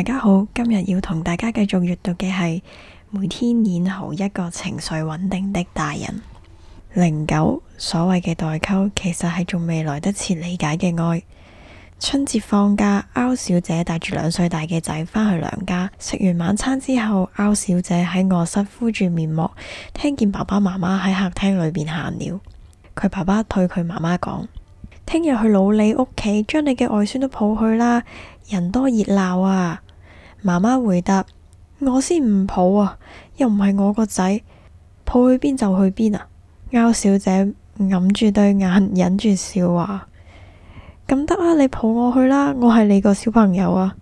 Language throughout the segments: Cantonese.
大家好，今日要同大家繼續閱讀嘅係《每天演好一個情緒穩定的大人》。零九所謂嘅代溝，其實係仲未來得切理解嘅愛。春節放假，歐小姐帶住兩歲大嘅仔返去娘家，食完晚餐之後，歐小姐喺卧室敷住面膜，聽見爸爸媽媽喺客廳裡邊閒聊。佢爸爸對佢媽媽講：聽日去老李屋企，將你嘅外孫都抱去啦，人多熱鬧啊！媽媽回答：我先唔抱啊，又唔係我個仔，抱去邊就去邊啊！歐小姐揞住對眼，忍住笑話：咁得啊，你抱我去啦，我係你個小朋友啊！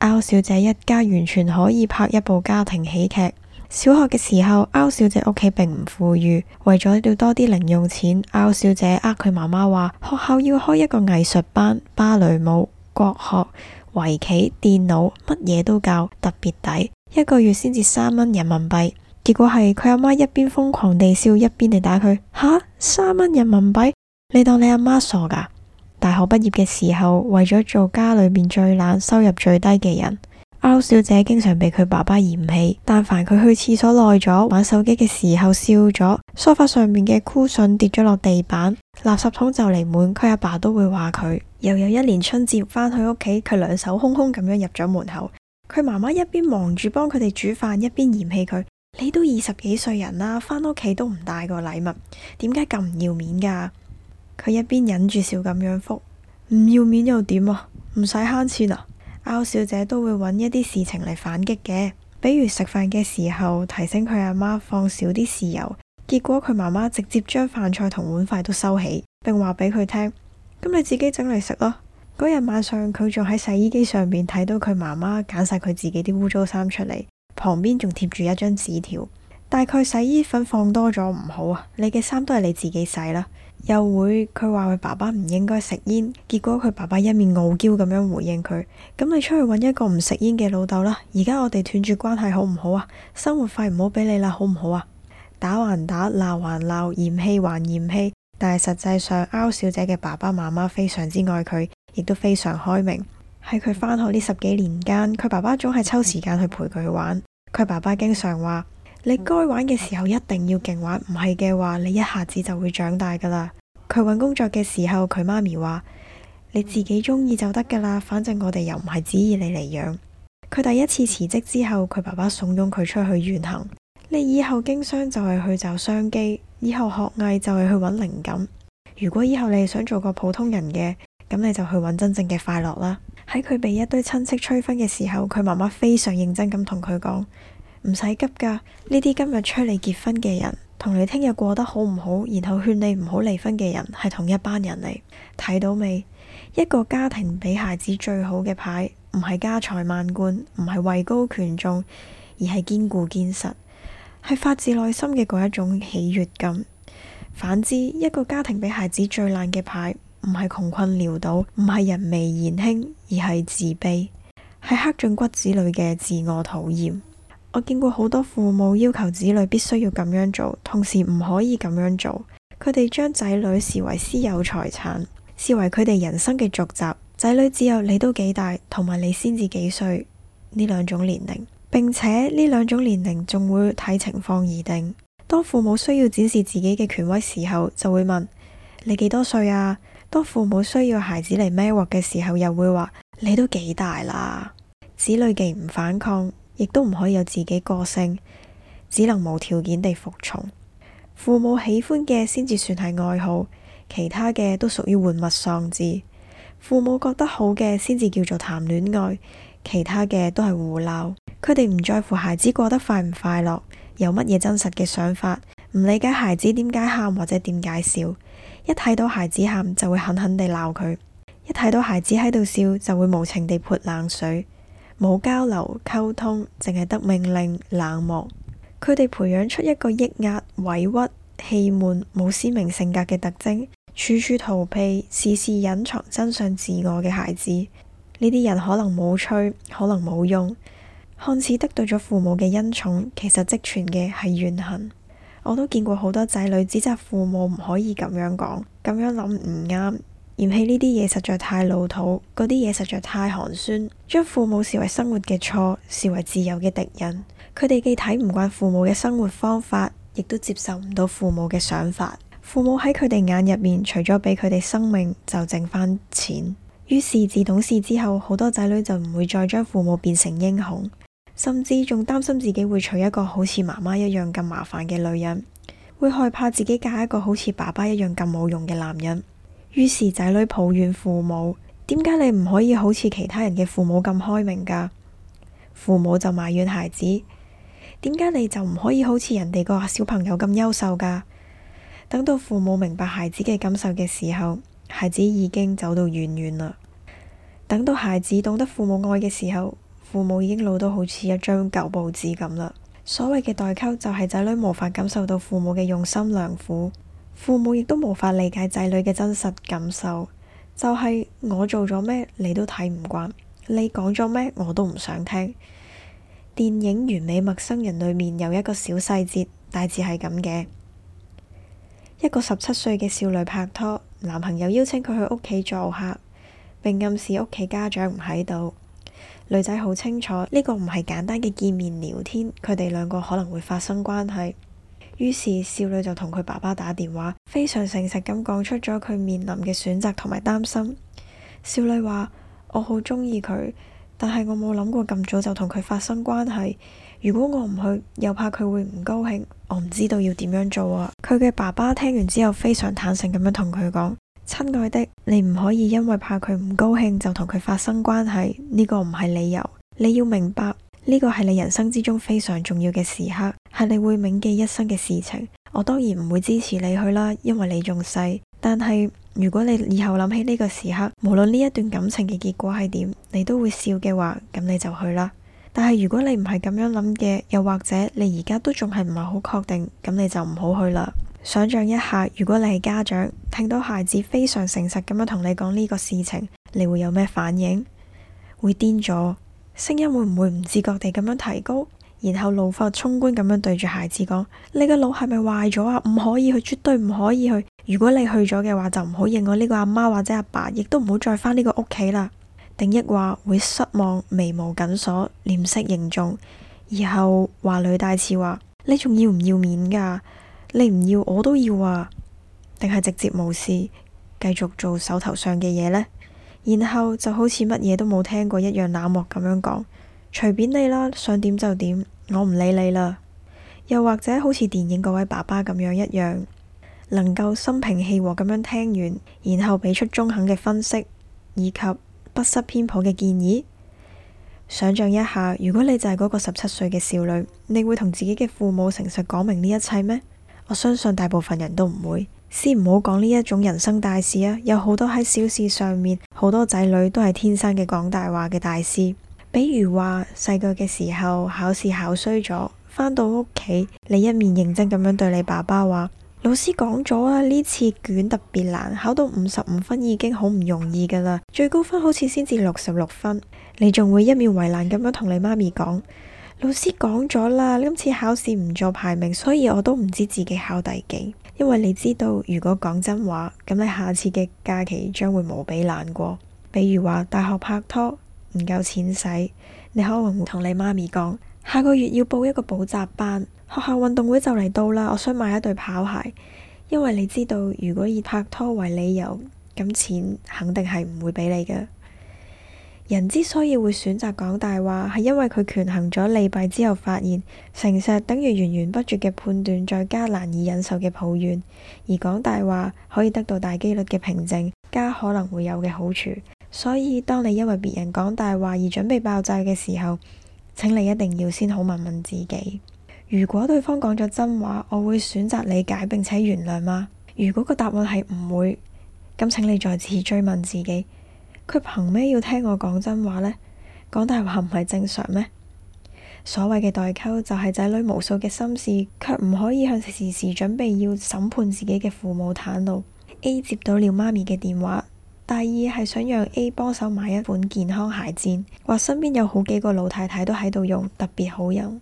歐小姐一家完全可以拍一部家庭喜劇。小學嘅時候，歐小姐屋企並唔富裕，為咗要多啲零用錢，歐小姐呃佢媽媽話學校要開一個藝術班，芭蕾舞。國學、圍棋、電腦，乜嘢都教，特別抵，一個月先至三蚊人民幣。結果係佢阿媽一邊瘋狂地笑，一邊嚟打佢。吓，三蚊人民幣，你當你阿媽傻噶？大學畢業嘅時候，為咗做家裏面最懶、收入最低嘅人。歐小姐經常被佢爸爸嫌棄，但凡佢去廁所耐咗、玩手機嘅時候笑咗、梳化上面嘅箍筍跌咗落地板、垃圾桶就嚟滿，佢阿爸都會話佢。又有一年春節返去屋企，佢兩手空空咁樣入咗門口，佢媽媽一邊忙住幫佢哋煮飯，一邊嫌棄佢，你都二十幾歲人啦，返屋企都唔帶個禮物，點解咁唔要面噶？佢一邊忍住笑咁樣覆，唔要面又點啊？唔使慳錢啊？阿小姐都會揾一啲事情嚟反擊嘅，比如食飯嘅時候提醒佢阿媽放少啲豉油，結果佢媽媽直接將飯菜同碗筷都收起，並話俾佢聽：咁你自己整嚟食咯。嗰日晚上佢仲喺洗衣機上面睇到佢媽媽揀晒佢自己啲污糟衫出嚟，旁邊仲貼住一張紙條，大概洗衣粉放多咗唔好啊，你嘅衫都係你自己洗啦。又會佢話佢爸爸唔應該食煙，結果佢爸爸一面傲嬌咁樣回應佢：咁你出去揾一個唔食煙嘅老豆啦！而家我哋斷住關係好唔好啊？生活費唔好俾你啦，好唔好啊？打還打，鬧還鬧，嫌棄還嫌棄，但係實際上歐小姐嘅爸爸媽媽非常之愛佢，亦都非常開明。喺佢返學呢十幾年間，佢爸爸總係抽時間去陪佢玩。佢爸爸經常話：你該玩嘅時候一定要勁玩，唔係嘅話你一下子就會長大噶啦。佢搵工作嘅時候，佢媽咪話：你自己中意就得噶啦，反正我哋又唔係旨意你嚟養。佢第一次辭職之後，佢爸爸慫恿佢出去遠行。你以後經商就係去就商機，以後學藝就係去搵靈感。如果以後你想做個普通人嘅，咁你就去搵真正嘅快樂啦。喺佢被一堆親戚催婚嘅時候，佢媽媽非常認真咁同佢講。唔使急噶，呢啲今日催你結婚嘅人，同你聽日過得好唔好，然後勸你唔好離婚嘅人，係同一班人嚟。睇到未？一個家庭俾孩子最好嘅牌，唔係家財萬貫，唔係位高權重，而係堅固堅實，係發自內心嘅嗰一種喜悅感。反之，一個家庭俾孩子最爛嘅牌，唔係窮困潦倒，唔係人微言輕，而係自卑，係刻進骨子裏嘅自我討厭。我見過好多父母要求子女必須要咁樣做，同時唔可以咁樣做。佢哋將仔女視為私有財產，視為佢哋人生嘅續集。仔女只有你都幾大，同埋你先至幾歲呢兩種年齡，並且呢兩種年齡仲會睇情況而定。當父母需要展示自己嘅權威時候，就會問你幾多歲啊？當父母需要孩子嚟孭鑊嘅時候，又會話你都幾大啦。子女既唔反抗。亦都唔可以有自己個性，只能無條件地服從。父母喜歡嘅先至算係愛好，其他嘅都屬於玩物喪志。父母覺得好嘅先至叫做談戀愛，其他嘅都係胡鬧。佢哋唔在乎孩子過得快唔快樂，有乜嘢真實嘅想法，唔理解孩子點解喊或者點解笑，一睇到孩子喊就會狠狠地鬧佢，一睇到孩子喺度笑就會無情地潑冷水。冇交流溝通，淨係得命令冷漠。佢哋培養出一個抑壓、委屈、氣悶、冇鮮明性格嘅特徵，處處逃避，事事隱藏真相、自我嘅孩子。呢啲人可能冇趣，可能冇用，看似得到咗父母嘅恩寵，其實積存嘅係怨恨。我都見過好多仔女指責父母唔可以咁樣講，咁樣諗唔啱。嫌棄呢啲嘢實在太老土，嗰啲嘢實在太寒酸，將父母視為生活嘅錯，視為自由嘅敵人。佢哋既睇唔慣父母嘅生活方法，亦都接受唔到父母嘅想法。父母喺佢哋眼入面，除咗俾佢哋生命，就剩返錢。於是自懂事之後，好多仔女就唔會再將父母變成英雄，甚至仲擔心自己會娶一個好似媽媽一樣咁麻煩嘅女人，會害怕自己嫁一個好似爸爸一樣咁冇用嘅男人。於是仔女抱怨父母，點解你唔可以好似其他人嘅父母咁開明㗎？父母就埋怨孩子，點解你就唔可以好似人哋個小朋友咁優秀㗎？等到父母明白孩子嘅感受嘅時候，孩子已經走到遠遠啦。等到孩子懂得父母愛嘅時候，父母已經老到好似一張舊報紙噉喇。所謂嘅代溝，就係，就係仔女無法感受到父母嘅用心良苦。父母亦都無法理解仔女嘅真實感受，就係我做咗咩，你都睇唔慣；你講咗咩，我都唔想聽。電影《完美陌生人》裏面有一個小細節，大致係咁嘅：一個十七歲嘅少女拍拖，男朋友邀請佢去屋企做客，並暗示屋企家長唔喺度。女仔好清楚呢個唔係簡單嘅見面聊天，佢哋兩個可能會發生關係。於是少女就同佢爸爸打電話，非常誠實咁講出咗佢面臨嘅選擇同埋擔心。少女話：我好中意佢，但係我冇諗過咁早就同佢發生關係。如果我唔去，又怕佢會唔高興，我唔知道要點樣做啊！佢嘅爸爸聽完之後，非常坦誠咁樣同佢講：親愛的，你唔可以因為怕佢唔高興就同佢發生關係，呢個唔係理由。你要明白。呢個係你人生之中非常重要嘅時刻，係你會銘記一生嘅事情。我當然唔會支持你去啦，因為你仲細。但係如果你以後諗起呢個時刻，無論呢一段感情嘅結果係點，你都會笑嘅話，咁你就去啦。但係如果你唔係咁樣諗嘅，又或者你而家都仲係唔係好確定，咁你就唔好去啦。想象一下，如果你係家長，聽到孩子非常誠實咁樣同你講呢個事情，你會有咩反應？會癲咗？聲音會唔會唔自覺地咁樣提高，然後怒髮衝冠咁樣對住孩子講：你個腦係咪壞咗啊？唔可以去，絕對唔可以去。如果你去咗嘅話，就唔好認我呢個阿媽或者阿爸，亦都唔好再翻呢個屋企啦。定抑話會失望，眉毛緊鎖，臉色凝重，然後話裏帶刺話：你仲要唔要面噶？你唔要我都要啊。定係直接無視，繼續做手頭上嘅嘢呢？然後就好似乜嘢都冇聽過一樣冷漠咁樣講，隨便你啦，想點就點，我唔理你啦。又或者好似電影嗰位爸爸咁樣一樣，能夠心平氣和咁樣聽完，然後俾出中肯嘅分析，以及不失偏頗嘅建議。想象一下，如果你就係嗰個十七歲嘅少女，你會同自己嘅父母誠實講明呢一切咩？我相信大部分人都唔會。先唔好講呢一種人生大事啊，有好多喺小事上面，好多仔女都係天生嘅講大話嘅大師。比如話細個嘅時候考試考衰咗，返到屋企你一面認真咁樣對你爸爸話，老師講咗啊，呢次卷特別難，考到五十五分已經好唔容易噶啦，最高分好似先至六十六分。你仲會一面為難咁樣同你媽咪講，老師講咗啦，今次考試唔做排名，所以我都唔知自己考第幾。因為你知道，如果講真話，咁你下次嘅假期將會無比難過。比如話大學拍拖唔夠錢使，你可能會同你媽咪講：下個月要報一個補習班，學校運動會就嚟到啦，我想買一對跑鞋。因為你知道，如果以拍拖為理由，咁錢肯定係唔會俾你嘅。人之所以會選擇講大話，係因為佢權衡咗利弊之後，發現誠實等於源源不絕嘅判斷，再加難以忍受嘅抱怨，而講大話可以得到大幾率嘅平靜，加可能會有嘅好處。所以，當你因為別人講大話而準備爆炸嘅時候，請你一定要先好問問自己：如果對方講咗真話，我會選擇理解並且原諒嗎？如果個答案係唔會，咁請你再次追問自己。佢憑咩要聽我講真話呢？講大話唔係正常咩？所謂嘅代溝就係、是、仔女無數嘅心事，卻唔可以向時時準備要審判自己嘅父母坦露。A 接到了媽咪嘅電話，第二係想讓 A 幫手買一款健康鞋墊，話身邊有好幾個老太太都喺度用，特別好用。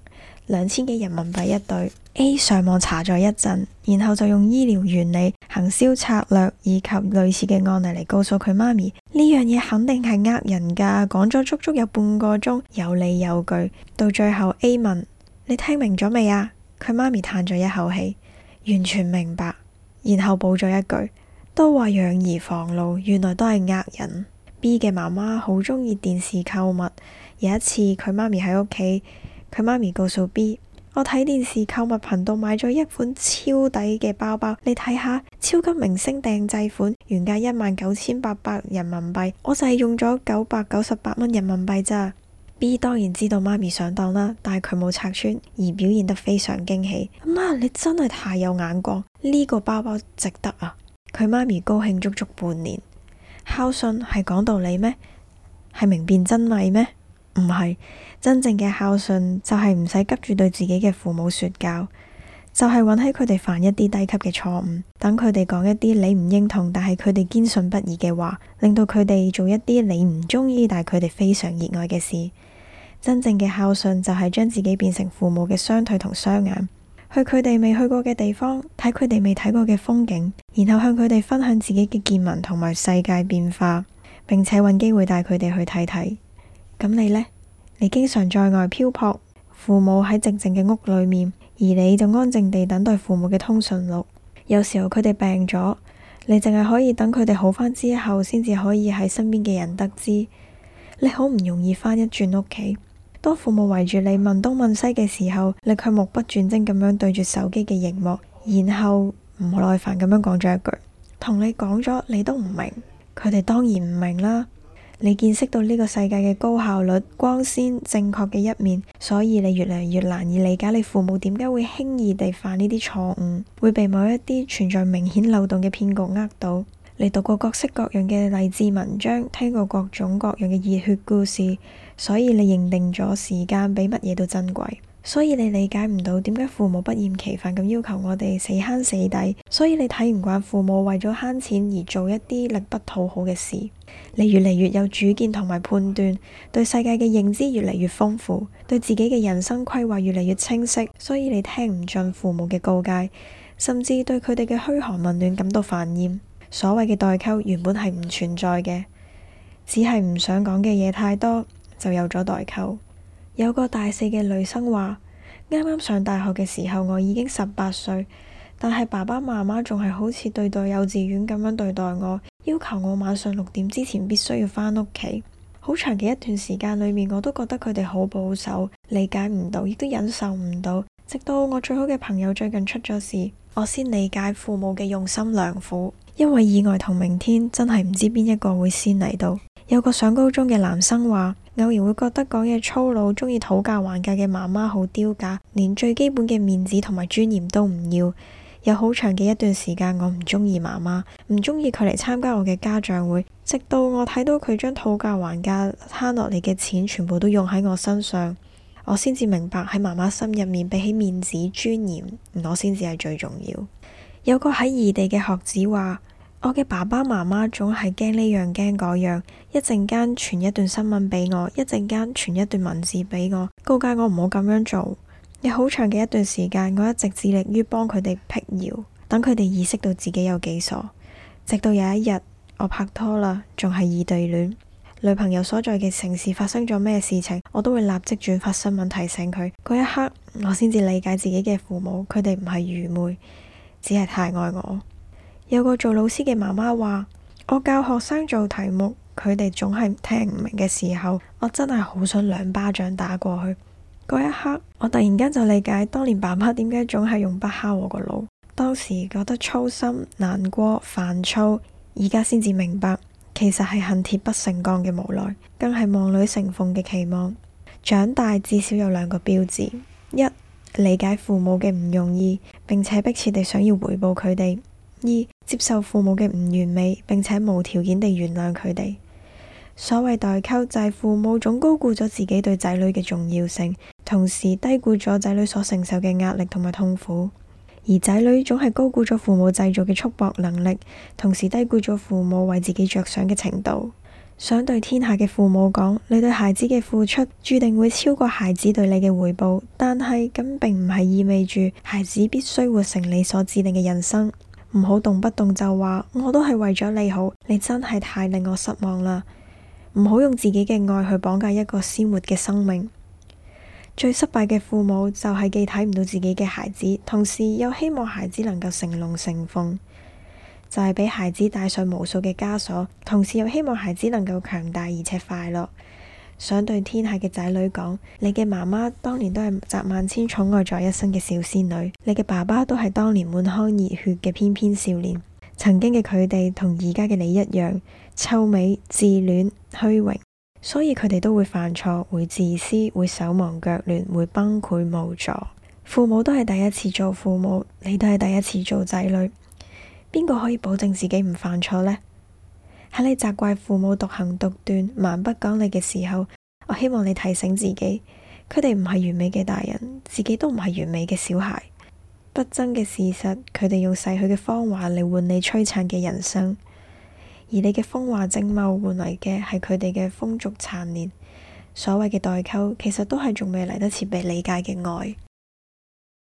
兩千幾人民幣一對，A 上網查咗一陣，然後就用醫療原理、行銷策略以及類似嘅案例嚟，告訴佢媽咪，呢樣嘢肯定係呃人噶，講咗足足有半個鐘，有理有據。到最後 A 問：你聽明咗未啊？佢媽咪嘆咗一口氣，完全明白，然後補咗一句：都話養兒防老，原來都係呃人。B 嘅媽媽好鍾意電視購物，有一次佢媽咪喺屋企。佢媽咪告訴 B，我睇電視購物頻道買咗一款超抵嘅包包，你睇下，超級明星訂製款，原價一萬九千八百人民幣，我就係用咗九百九十八蚊人民幣咋。B 當然知道媽咪上當啦，但係佢冇拆穿，而表現得非常驚喜。媽，你真係太有眼光，呢個包包值得啊！佢媽咪高興足足半年。孝順係講道理咩？係明辨真偽咩？唔係真正嘅孝順，就係唔使急住對自己嘅父母說教，就係允許佢哋犯一啲低級嘅錯誤，等佢哋講一啲你唔認同但係佢哋堅信不疑嘅話，令到佢哋做一啲你唔中意但係佢哋非常熱愛嘅事。真正嘅孝順就係將自己變成父母嘅雙腿同雙眼，去佢哋未去過嘅地方，睇佢哋未睇過嘅風景，然後向佢哋分享自己嘅見聞同埋世界變化，並且揾機會帶佢哋去睇睇。咁你呢？你經常在外漂泊，父母喺靜靜嘅屋裏面，而你就安靜地等待父母嘅通訊錄。有時候佢哋病咗，你淨係可以等佢哋好返之後，先至可以喺身邊嘅人得知。你好唔容易返一轉屋企，當父母圍住你問東問西嘅時候，你卻目不轉睛咁樣對住手機嘅熒幕，然後唔耐煩咁樣講咗一句，同你講咗你都唔明，佢哋當然唔明啦。你見識到呢個世界嘅高效率、光鮮、正確嘅一面，所以你越嚟越難以理解你父母點解會輕易地犯呢啲錯誤，會被某一啲存在明顯漏洞嘅騙局呃到。你讀過各式各樣嘅勵志文章，聽過各種各樣嘅熱血故事，所以你認定咗時間比乜嘢都珍貴。所以你理解唔到點解父母不厭其煩咁要求我哋死慳死抵，所以你睇唔慣父母為咗慳錢而做一啲力不討好嘅事。你越嚟越有主見同埋判斷，對世界嘅認知越嚟越豐富，對自己嘅人生規劃越嚟越清晰，所以你聽唔進父母嘅告誡，甚至對佢哋嘅噓寒問暖感到煩厭。所謂嘅代溝原本係唔存在嘅，只係唔想講嘅嘢太多，就有咗代溝。有個大四嘅女生話，啱啱上大學嘅時候我已經十八歲，但係爸爸媽媽仲係好似對待幼稚園咁樣對待我，要求我晚上六點之前必須要返屋企。好長嘅一段時間裏面，我都覺得佢哋好保守，理解唔到，亦都忍受唔到。直到我最好嘅朋友最近出咗事，我先理解父母嘅用心良苦。因為意外同明天真係唔知邊一個會先嚟到。有個上高中嘅男生話，偶然會覺得講嘢粗魯、鍾意討價還價嘅媽媽好丟架，連最基本嘅面子同埋尊嚴都唔要。有好長嘅一段時間，我唔鍾意媽媽，唔鍾意佢嚟參加我嘅家長會，直到我睇到佢將討價還價慳落嚟嘅錢全部都用喺我身上，我先至明白喺媽媽心入面，比起面子、尊嚴，我先至係最重要。有個喺異地嘅學子話。我嘅爸爸媽媽總係驚呢樣驚嗰樣，一陣間傳一段新聞俾我，一陣間傳一段文字俾我，告誡我唔好咁樣做。有好長嘅一段時間，我一直致力於幫佢哋闢謠，等佢哋意識到自己有幾傻。直到有一日，我拍拖啦，仲係異地戀，女朋友所在嘅城市發生咗咩事情，我都會立即轉發新聞提醒佢。嗰一刻，我先至理解自己嘅父母，佢哋唔係愚昧，只係太愛我。有個做老師嘅媽媽話：我教學生做題目，佢哋總係聽唔明嘅時候，我真係好想兩巴掌打過去。嗰一刻，我突然間就理解，當年爸媽點解總係用筆敲我個腦。當時覺得粗心、難過、煩躁，而家先至明白，其實係恨鐵不成鋼嘅無奈，更係望女成鳳嘅期望。長大至少有兩個標誌：一理解父母嘅唔容易，並且迫切地想要回報佢哋。二，接受父母嘅唔完美，並且無條件地原諒佢哋。所謂代溝，就係父母總高估咗自己對仔女嘅重要性，同時低估咗仔女所承受嘅壓力同埋痛苦；而仔女總係高估咗父母製造嘅束縛能力，同時低估咗父母為自己着想嘅程度。想對天下嘅父母講，你對孩子嘅付出注定會超過孩子對你嘅回報，但係咁並唔係意味住孩子必須活成你所指定嘅人生。唔好動不動就話，我都係為咗你好，你真係太令我失望啦！唔好用自己嘅愛去綁架一個鮮活嘅生命。最失敗嘅父母就係既睇唔到自己嘅孩子，同時又希望孩子能夠成龍成鳳，就係俾孩子帶上無數嘅枷鎖，同時又希望孩子能夠強大而且快樂。想對天下嘅仔女講，你嘅媽媽當年都係集萬千寵愛在一身嘅小仙女，你嘅爸爸都係當年滿腔熱血嘅翩翩少年。曾經嘅佢哋同而家嘅你一樣，臭美、自戀、虛榮，所以佢哋都會犯錯，會自私，會手忙腳亂，會崩潰無助。父母都係第一次做父母，你都係第一次做仔女，邊個可以保證自己唔犯錯呢？喺你責怪父母獨行獨斷、蠻不講理嘅時候，我希望你提醒自己，佢哋唔係完美嘅大人，自己都唔係完美嘅小孩。不爭嘅事實，佢哋用逝去嘅芳華嚟換你璀璨嘅人生，而你嘅風華正茂換嚟嘅係佢哋嘅風燭殘年。所謂嘅代溝，其實都係仲未嚟得切被理解嘅愛。